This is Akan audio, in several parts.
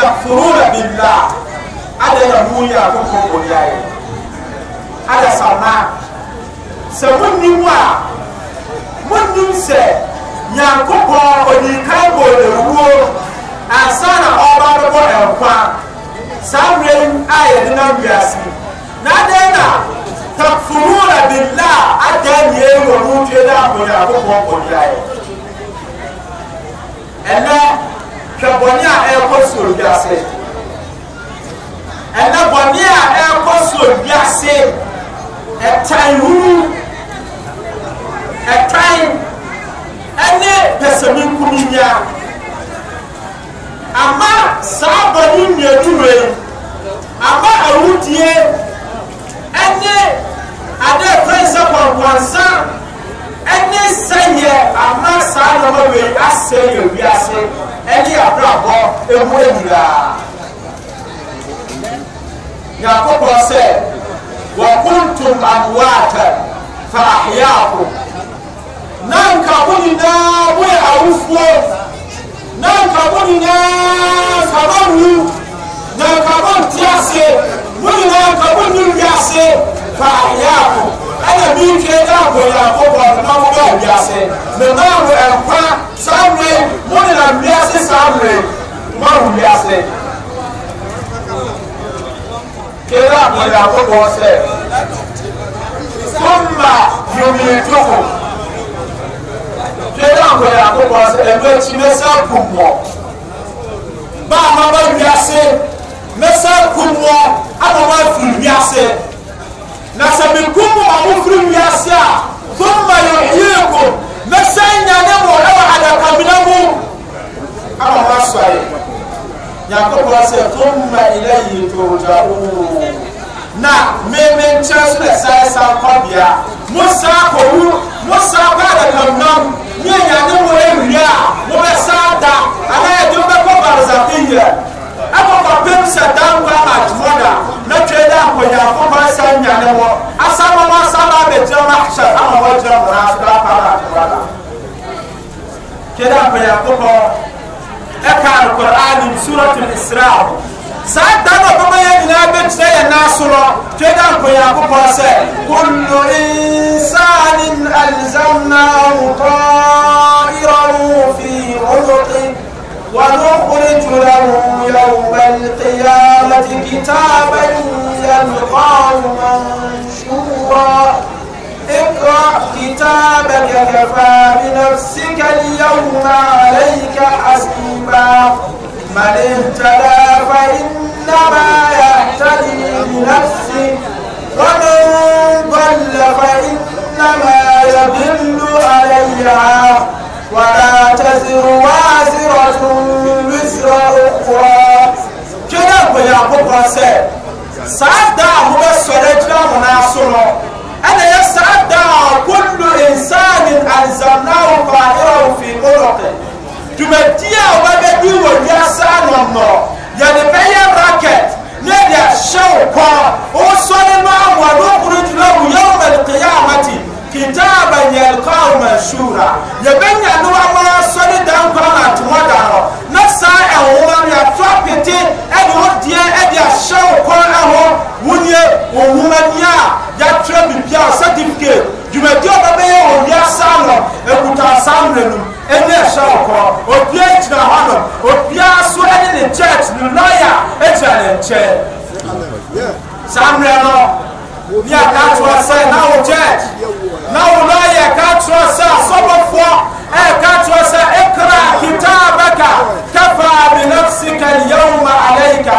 takfuruna billah ada na huya ko ko ko yayi ada sana sɛ munni se, a munni sɛ nyankopɔn ɔdi kan bɔ ewuo ansa na ɔba bɛbɔ ɛnkwa saa mmerɛ yi a yɛde nam wiase na adɛn na takfuruna billah adɛn nie wɔ mu tue dɛ abɔ nyankopɔn bɔ yayi ɛnɛ ɛkɔ soro bi ase ɛnɛ bɔnni a ɛkɔ soro ase ɛtan ewu enyinaa nyankopɔn sɛ wakuntum amwata fa ahyaakom na nka mo nyinaa moyɛ awofoɔ na nka mo nyinaa nka moawu na nka monte ase mo nyinaa nka monni wiase fa ahyaakom ɛna birihwɛ na abɔ nyankopɔn na mobɛ wiase ne na mo ɛnkwa saa mmerɛ mo nenam wiase saa mmerɛ márùn bí a ṣe kéré àpẹẹrẹ àkókò ọsẹ tóńbà yomi ìjókò kéré àpẹẹrẹ àkókò ọsẹ ẹgbẹ tí mẹsà kùn wọ bá a máa bá ibi a ṣe kùn wọ a máa bá fìlì bí a yakobo sɛ tuma ila yi tɔwɔta ooo na mɛmɛ nkyɛn so na saa san kɔbea mo saa kɔwu mo saa baara kamnam nyɛ nyane mo awie a mo bɛ saa da anaa yɛ de mo bɛ kɔ barazate yɛ ɛkɔ kɔpem sɛ dan kɔ ama atuwa da na twɛ dɛ akɔnyafo ma sa nyane wɔ asan wɔn asan ma abɛgyina ma ahyɛ ama wɔn gyina mo na asopɛ apara atuwa da kɛdɛ akɔnyafo kɔ. أكا القرآن سورة الإسراء سعد دانا بما يدنا بيت سيا ناسولا كده كويا بقوسة كل إنسان ألزمناه طائره في عنقه ونخرج له يوم القيامة كتابا يلقاه منشورا اقرأ كتابك كفى بنفسك اليوم عليك حسيبا من اهتدى فإنما يهتدي لنفسه ومن ضل فإنما يضل عليها ولا تزر وازرة وزر أخرى كده يا رسال سعد ده هو السؤال اللي انا aw mansura yɛbɛnya no amana sɔre dan kwan atoa da hɔ na saa ɛwoma no yɛato apete ɛde wo deɛ ɛde ahyɛ wo kɔn ɛho wonyɛ wo nwomani a yɛatwerɛ biribia wo certificate dwumadi a ɔbɛbɛyɛ wɔ wiasa no ɛkuta asaa mmerɛ nom ɛne ɛhyɛ wo kɔn obia gyina hɔ no obiaa so ɛne ne church e ne lɔya agyina e e ne nkyɛn saa mmerɛ no ne aka toa sɛ na wo church ليو عي ك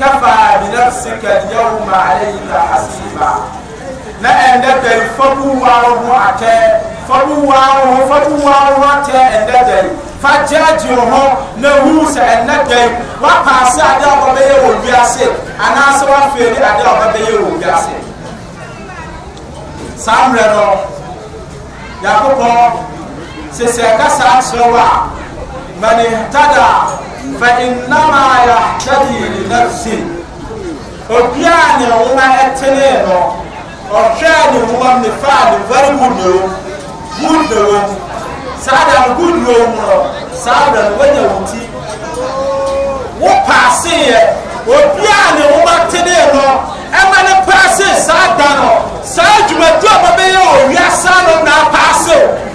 بنفسك اليوم علي ب faruwaaho faruwaaho tɛ ɛnɛ dɛri fa jɛji hɔ na huusa ɛnɛ dɛri wa paase adi a wa bɛ yɛ wɔ wiase anaasɛ wa feere adi a wa bɛ yɛ wɔ wiase saa mmerɛ no yakokɔ kasa kyerɛ wa mani tada fa innama yahtadi li nafsi obiara ne nwoma ɛtene no ɔhwɛɛ ne nwoma ne faa ne very good ne o gud da wani saada gud wo mu no saada no wanya wo ti wo paase yɛ obi a ne wo ma te ne no ɛma ne paase saada no saa dwumadi a ma bɛyɛ wɔ wia saa no na paase o.